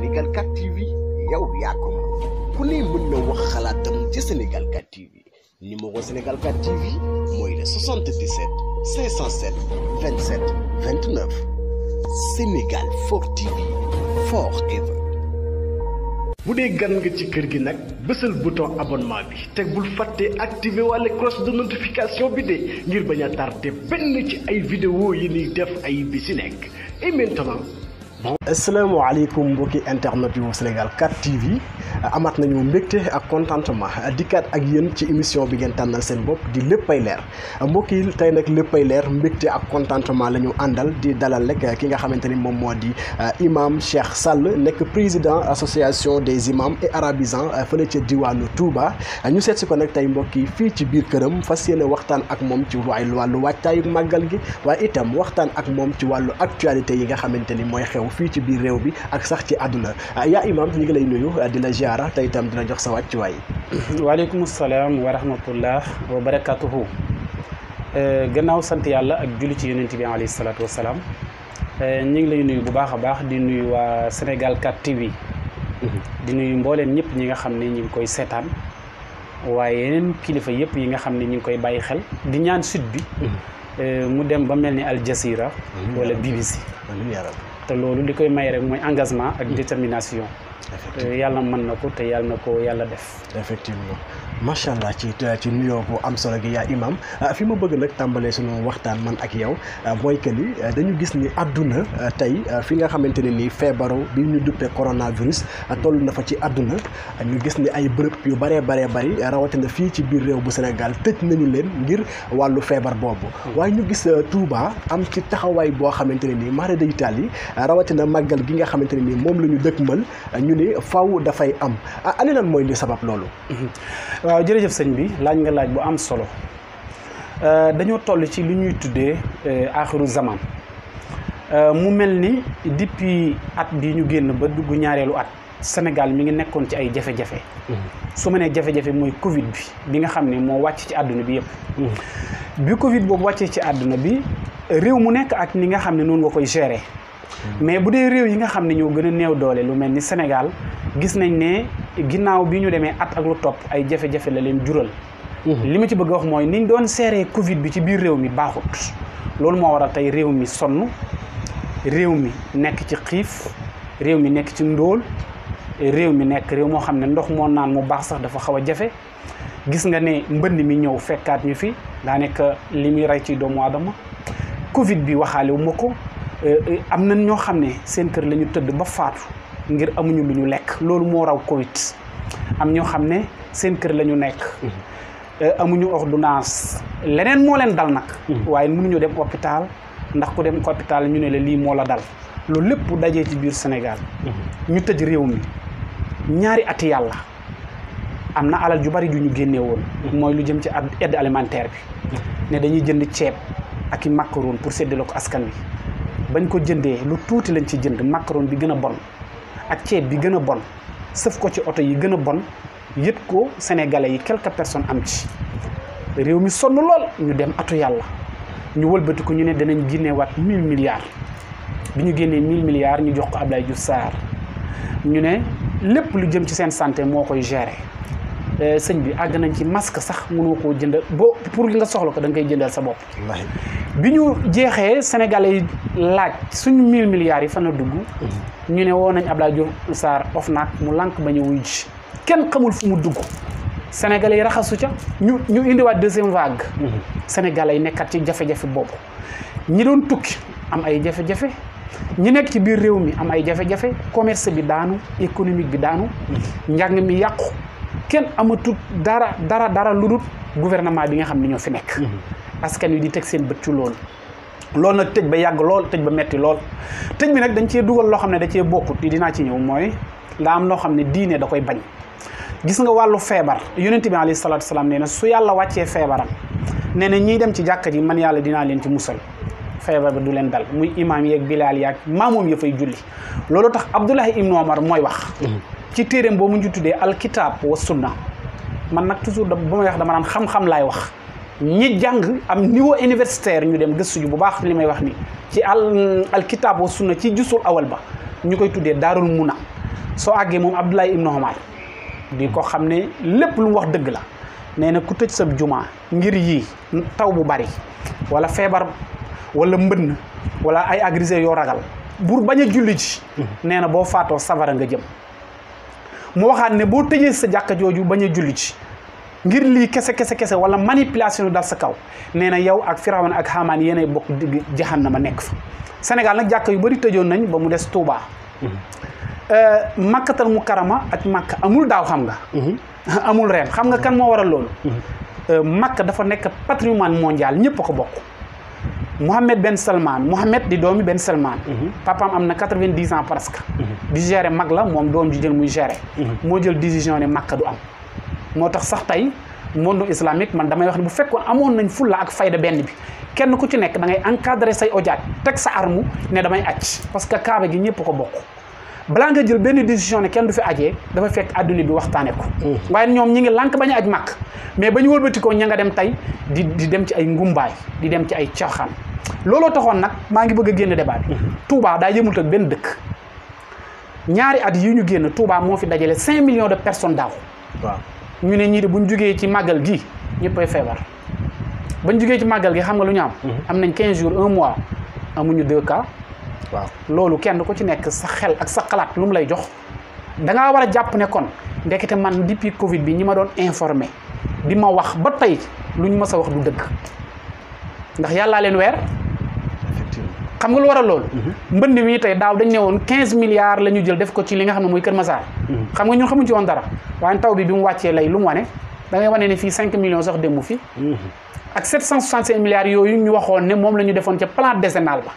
Sénégal 4 TV yow yaa ko ku ne mën na wax xalaatam ci Sénégal 4 TV numéro Sénégal 4 TV mooy le 77 507 27 29 Sénégal 4 TV forever. bu dee gan nga ci kër gi nag bésal bouton abonnement bi te bul fàtte activé walla cloche de notification bi de ngir bañ a tardé benn ci ay vidéo yi ni def ay et maintenant. asalaamaaleykum mbokki internet yu Sénégal 4 TV amaat nañu mbégte ak contentement dikkaat ak yeen ci émission bi ngeen tànnal seen bopp di léppay leer mbokk yi tey nag léppay leer mbégte ak contentement la ñu àndal di dalal rek ki nga xamante ni moom moo di euh, imam Cheikh Sall nekk président association des imams et arabisans euh, fële ca diwaanu Touba ñu seet si ko nag tey mbokk yi fii ci biir këram fas yéene waxtaan ak moom ci waay wàllu waajtaayu màggal gi waaye itam waxtaan ak moom ci wàllu actualité yi nga xamante ni mooy xew fii ci biir réew bi ak sax ci àdduna euh, yaa imam ñu ngi lay nuyu di la ziyaara te itam dina jox sa wàccuwaay. waaleykum salaam wa rahmatullah wa barakatuhu eh, gannaaw sant yàlla ak julli ci yonent bi alayhi salaatu wa salaam eh, ñu ngi lay nuyu bu baax a baax di nuyu waa Sénégal 4 TV. di nuyu mbooleem ñëpp ñi nga xam ne ñu ngi koy seetaan. waaye yeneen kilifa yëpp yi nga xam ne ñu ngi koy bàyyi xel di ñaan sud bi eh, mu dem ba mel ni Al Jazeera wala BBC te loolu li koy may rek mooy engagement ak mm. détermination Euh, yàlla man na ko te yàlla na ko yàlla def. effectivement macha allah ci euh, ci nuyoo bu am solo gi yaa imam euh, fi ma bëgg nag tàmbalee suñu waxtaan man ak yow mooy que dañu gis ni àdduna tey fi nga xamante ne nii feebaru bi ñu duppee coronavirus toll na fa ci àdduna ñu gis ni ay bërëb yu baree baree bari rawatina fii ci biir réew bu Sénégal tëj nañu leen ngir wàllu feebar boobu. Hmm. waaye ñu gis Touba am ci taxawaay boo xamante ne nii mara day taal yi rawatina màggal gi nga xamante ne nii moom la ñu dëkkmal. ñu ne faw dafay am ah lan mooy li sabab loolu. Mhm. waaw jërëjëf sëñ bi laaj nga laaj bu am solo euh, dañoo toll ci li ñuy tuddee aaxiru euh, zaman euh, mu mel ni depuis at bi ñu génn ba dugg ñaareelu at Sénégal mi ngi nekkoon ci ay jafe-jafe. Mhm. su ma nee jafe-jafe mooy Covid bi bi nga xam ne moo wàcc ci àdduna bi yëpp. Mhm. bi Covid boobu wàccee ci àdduna bi réew mu nekk ak ni nga xam ne noonu nga koy gérer. mais bu dee réew yi nga xam ne ñoo gën a néew doole lu mel ni Sénégal gis nañ ne ginnaaw bi ñu demee at ak lu topp ay jafe-jafe la leen jural. Mhm. li ma ci bëgg a wax mooy niñ doon seeree Covid bi ci biir réew mi baaxut loolu moo waral tey réew mi sonn réew mi nekk ci xiif réew mi nekk ci ndóol réew mi nekk réew moo xam ne ndox moo naan mu baax sax dafa xaw a jafe. gis nga ne mbënd mi ñëw fekkaat ñu fi daanaka li muy rey ci doomu aadama Covid bi waxaale wu ma ko Euh, euh, am na ñoo xam ne seen kër la ñu tëdd ba faatu ngir amuñu lu ñu lekk loolu moo raw Covid am ñoo xam ne seen kër la ñu nekk euh, amuñu ordonnance leneen moo leen dal nag hmm. waaye mënuñu dem hôpital ndax ku dem hôpital ñu ne la lii moo la dal loolu lépp dajee ci biir Sénégal hmm. ñu tëj réew mi ñaari at yàlla am na alal ju bari ju ñu génne woon hmm. mooy lu jëm ci edd alimentaire bi ne dañuy jënd ceeb ak i macaron pour séddale ko askan wi bañ ko jëndee lu tuuti lañ ci jënd macaron bi gën a bon ak ceeb bi gën a bon sëf ko ci oto yi gën a bon yët ko sénégalais yi quelques personnes am ci réew mi sonn lool ñu dem atu yàlla ñu wëlbati ko ñu ne danañ génneewaat mille milliards bi ñu génnee mille milliards ñu jox ko ab Abdoulaye Diouf Sarr ñu ne lépp lu jëm ci seen sante moo koy gérer euh, sëñ bi àgg nañ ci masque sax mënoo koo jëndal boo pour li nga soxla ko da koy jëndal sa bopp bi ñu jeexee sénégalais yi laaj suñ mille milliards yi fan la dugg. ñu ne woo nañ Abdoulaye Diouf Sarr OFNAC mu lànk ba ñu wuyu ji kenn xamul fu mu dugg. sénégalais yi raxasu ca ñu ñu indiwaat deuxième vague. sénégalais yi nekkat ci jafe-jafe boobu. ñi doon tukki am ay jafe-jafe ñi nekk ci biir réew mi am ay jafe-jafe commerce bi daanu économique bi daanu. njàng mi yàqu kenn amatul dara dara dara lu dul gouvernement bi nga xam ne ñoo fi nekk. askan wi di teg seen bët ci loolu loolu nag tëj ba yàgg lool tëj ba metti lool tëj bi nag dañ cee dugal loo xam ne da cee bokkut dinaa ci ñëw mooy daa am loo xam ne diine da koy bañ gis nga wàllu feebar yonent bi alayhi salaatu salaam nee na su yàlla wàccee feebaram nee na ñiy dem ci jàkka ji man yàlla dinaa leen ci musal feebar ba du leen dal muy imaam yeeg bilaal yaag maamoom ya ay julli loolu tax abdullahi ibnu omar mooy wax mhm. ci téeréem boobu ñu tuddee alkitab wa sunna man nag toujours da ba may wax naan xam laay wax ñi jàng am niwo universitaire ñu dem gëstu ji bu baax li may wax ni ci al alkitab wa sunna ci jusul awal ba ñu koy tuddee daarul muna soo àggee moom Abdoulaye Ibn Omar di ko xam ne lépp lu mu wax dëgg la nee na ku tëj sa jumaa ngir yii taw bu bari wala feebar wala mbënn wala ay agrisé yoo ragal pour bañ a julli ji nee na boo faatoo safara nga jëm mu waxaat ne boo tëjee sa jàkka jooju bañ a julli ji ngir kese kese kese wala manipulation dal sa kaw nee na yow ak firawna ak xaamaan yéenay bokk jahannama nekk fa sénégal nag jàkk yu at mak nañ ba mu touba mhm. euh, ak makka amul daaw xam nga mhm. amul reen xam nga kan mo waral loolu mhm. euh, makka dafa nekk patrimoine mondial ko Mohamed Ben Salman Mohamed di doomi Ben Salman papam am 90 quatre vingt Bijare ans presque di géré mag la moom ji jël muy jël décision makka du am motax sax tay monde islamique man damay wax ni bu fekkoon amoon nañ fulla ak fayda benn bi kenn ku ci nek da ngay encadrer say ojaat tek sa arme ne damay acc parce que kaaba gi ñepp ko bokk bla nga jël benn décision ne kenn du fi ajee dafa fekk aduna bi waxtaane ko mm. waye ñom ñi ngi lank bañ a aj màkk mais ba ñu ko ñanga dem tay di di dem ci ay ngumbay di dem ci ay caaxaan lolo taxone nak ma ngi bëgg a débat mm-hmm. Touba da yëmul tak benn dëkk ñaari at yi ñu génn Touba mo fi dajalé 5 millions de personnes daaw waaw ñu ne ñii bu buñ jógee ci màggal gi ñëppay feebar bañ jógee ci màggal gi xam nga lu ñu am. Mhm. am nañ 15 jours un mois amuñu deux cas. waaw loolu kenn ko ci nekk sa xel ak sa xalaat lu mu lay jox da war a jàpp ne kon ndekete man depuis Covid bi ñi ma doon informé di ma wax ba tey lu ñu mës a wax du dëkk ndax yàllaa leen weer. xam nga lu waral loolu. Mhm. mbënd mi tey daaw dañ ne woon 15 milliards lañu jël def ko ci li nga xam ne mooy Kër Massar. Mhm. xam nga ñun xamuñ ci woon dara. waaye taw bi bi mu wàccee lay lu mu wane da ngay wane ne fii cinq millions sax demu fi. Mm-hmm. ak 765 milliards yooyu ñu waxoon ne moom la ñu defoon ca plan décennal ba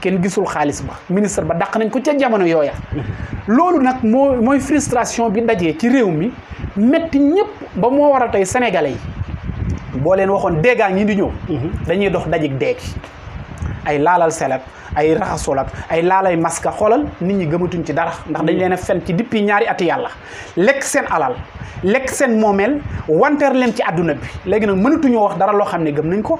kenn gisul xaalis ba ministre ba dàq nañ ko ca jamono yooya. Mm-hmm. loolu nag moo mooy frustration bi dajee ci réew mi métti ñëpp ba moo war a tey sénégalais yi boo leen waxoon dégg ñi di ñëw. Mm-hmm. dañuy dox dajig deegi ay laalal seleb ay raxasul ak ay laalay maska xoolal nit ñi gëmatuñ ci dara ndax dañ mm. leen a fen ci depuis ñaari ati yàlla lekk seen alal lekk seen moomeel wanteer leen ci àdduna bi léegi nag mënatuñoo wax dara loo xam ne gëm nañ ko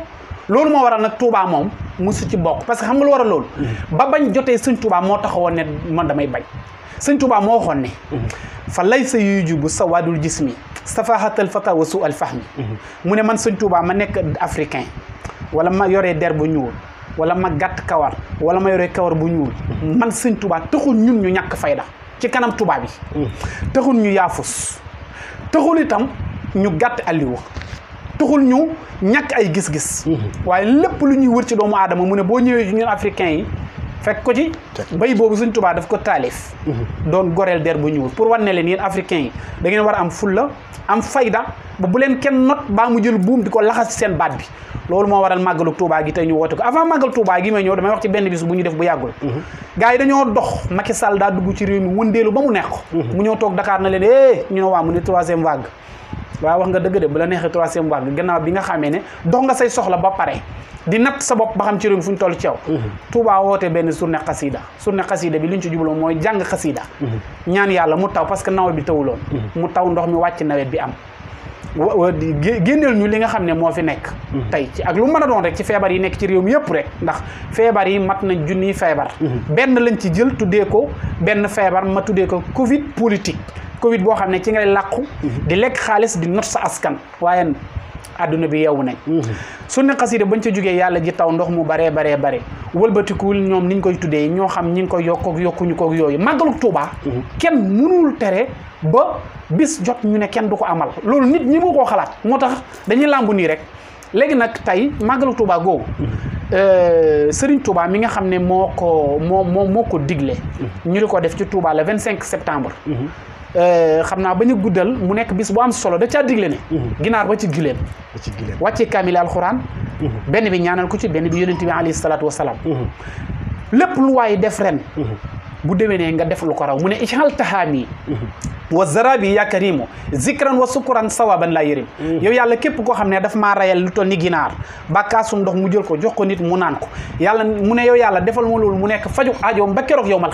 loolu moo waral nag Touba moom mosu ci bokk parce que xam nga lu war a loolu mm. ba bañ jotee sëñ Touba moo taxawoon ne man damay bañ sëñ Touba moo waxoon ne mm. fa lay sa yuju jibu sa waadul jismi safahatal fata wa su al fahmi mm-hmm. mu ne man sëñ Touba ma nekk africain wala ma yoree der bu ñuul wala ma gàtt kawar wala ma yore kawar bu ñuul man sëñ Tuubaa taxul ñun ñu ñàkk fayda ci kanam tubaab yi taxul ñu yaafus taxul itam ñu gàtt alliwa taxul ñu ñàkk ay gis-gis waaye lépp lu ñuy wër ci doomu aadama mu ne boo ñëwee ci ñun africain yi fekk ko ci bay boobu sëñ Tuubaa daf ko taalif doon goreel der bu ñuul pour ne leen yéen africain yi dangeen war a am fulla am fayda ba bu leen kenn not baa mu jël buum di ko laxas ci seen baat bi loolu moo waral màggalu Touba gi tey ñu woote ko avant màggal Touba gi may ñëw damay wax ci benn bis bu ñu def bu yàggul mhm. gars yi dañoo dox Macky Sall daa dugg ci réew mi wëndeelu ba mu neex mhm. mu ñëw toog Dakar na leen eh ñu ne waa mu ne troisième vague waaw wax nga dëgg de bu la neexee troisième vague gannaaw bi nga xamee ne dox nga say soxla ba pare di natt sa bopp ba xam ci réew mi fu ñu toll ci yow mhm. Touba woote benn journée xasida journée xasida bi li ñu ci jubloo mooy jàng xasida ñaan yàlla mu taw parce que nawet bi tawuloon mu taw ndox mi wàcc nawet bi am génneel ñu li nga xam ne moo fi nekk mhm. tey ci ak lu mën a doon rek ci feebar yi nekk ci réew mi yëpp rek ndax feebar yi mat nañ junniy feebar mhm. benn lañ ci jël tuddee ko benn feebar ma tuddee ko covid politique covid boo xam ne ci ngay làqu mhm. di lekk xaalis di not sa askan waaye adduna bi yeewu nañ mhm. sunna xasida bañ ca jógee yàlla ji taw ndox mu baree baree bare wëlbatikuwul ñoom niñ koy tuddee ñoo xam ñi ngi koy yokkook yokkuñu kook yooyu màggaluk Tuubaa mhm. kenn mënul tere ba bis jot ñu ne kenn du ko amal loolu nit ñi mu koo xalaat moo tax dañuy làmbu nii rek léegi nag tey màggaluk Tuubaa googu mhm. euh, Sëriñ Touba mi nga xam ne moo ko moo moo moo ko digle ñu di ko def ci Touba le vingt cinq septembre Euh, xam naa ba ñu guddal mu nekk bis bu am solo da caa digle ne mhm. ginaar ba ci gileem wàcce kaamil alxuraan mhm. benn bi ñaanal ko ci benn bi yonent bi alayhi salaatu wasalaam mhm. lépp lu waaye def ren bu ne nga def lu ko raw mu ne ijal tahaami wa zarabi ya karimu zikran wa sukuran sawaban laa yërim yow yàlla képp koo xam ne dafa ma reyal lu toll ni ginaar bàkkaasum ndox mu jël ko jox ko nit mu naan ko yàlla mu ne yow yàlla defal ma loolu mu nekk faju aajoom ba keroog yow mal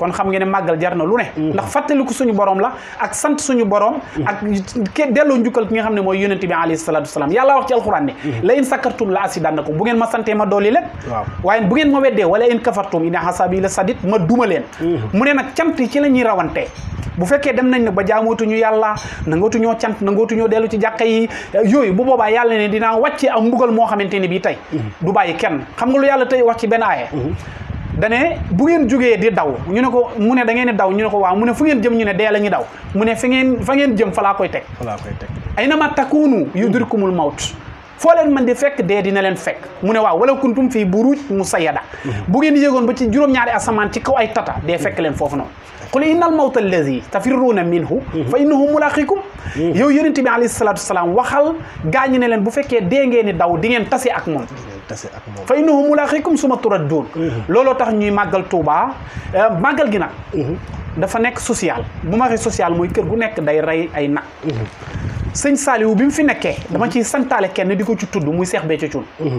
kon xam ngeen ne màggal jar na lu ne mm-hmm. ndax fàttaliku suñu borom la ak sant suñu borom mm-hmm. ak ke delloo njukkal ki nga xam ne mooy yonente bi alayhi salatu wasalaam yàlla wax ci alxuraan ne mm-hmm. la in sakartum la ko bu ngeen ma santee ma dooli leen waaye bu ngeen ma weddee wala in kafartum ina hasabi la sadit ma duma leen mu ne nag cant yi ci la ñuy rawantee bu fekkee dem nañ ne ba jaamootuñu yàlla nangootuñoo cant nangootuñoo dellu ci jàkka yi yooyu bu boobaa yàlla ne dinaa wàcce am mbugal moo xamante ne bii tey du bàyyi kenn xam nga lu yàlla tey wax ci benn dane bu ngeen jógee di daw ñu ne ko mu ne da ngeen di daw ñu ne ko waaw mu ne fu ngeen jëm ñu ne dee lañuy daw mu ne fa ngeen jëm fa laa koy teg fa laa koy teg ay na ma takuunu yudrikumul mawt foo leen man di fekk dee dina leen fekk mu ne waaw wala kuntum fii buruuj musayyada mhm. bu ngeen yéegoon ba ci juróom-ñaari asamaan ci kaw ay tata dee fekk leen foofu noonu qul inna al mawta allazi tafirruuna minhu mhm. fa innahu mulaqikum mhm. yow yonent bi alayhi salaatu wasalaam waxal gaañu ne leen bu fekkee dee ngeen di daw di ngeen ak moom tase ak moom fa innahu mulaaqiikum summa turadduun mhm. looloo tax ñuy màggal Touba euh, màggal gi nag mhm. dafa nekk social bu ma waxee social mooy kër gu nekk day rey ay nag mhm. sëñ Saliou bi mu fi nekkee dama ciy santaale kenn di ko ci tudd muy Seex Béthio Thioune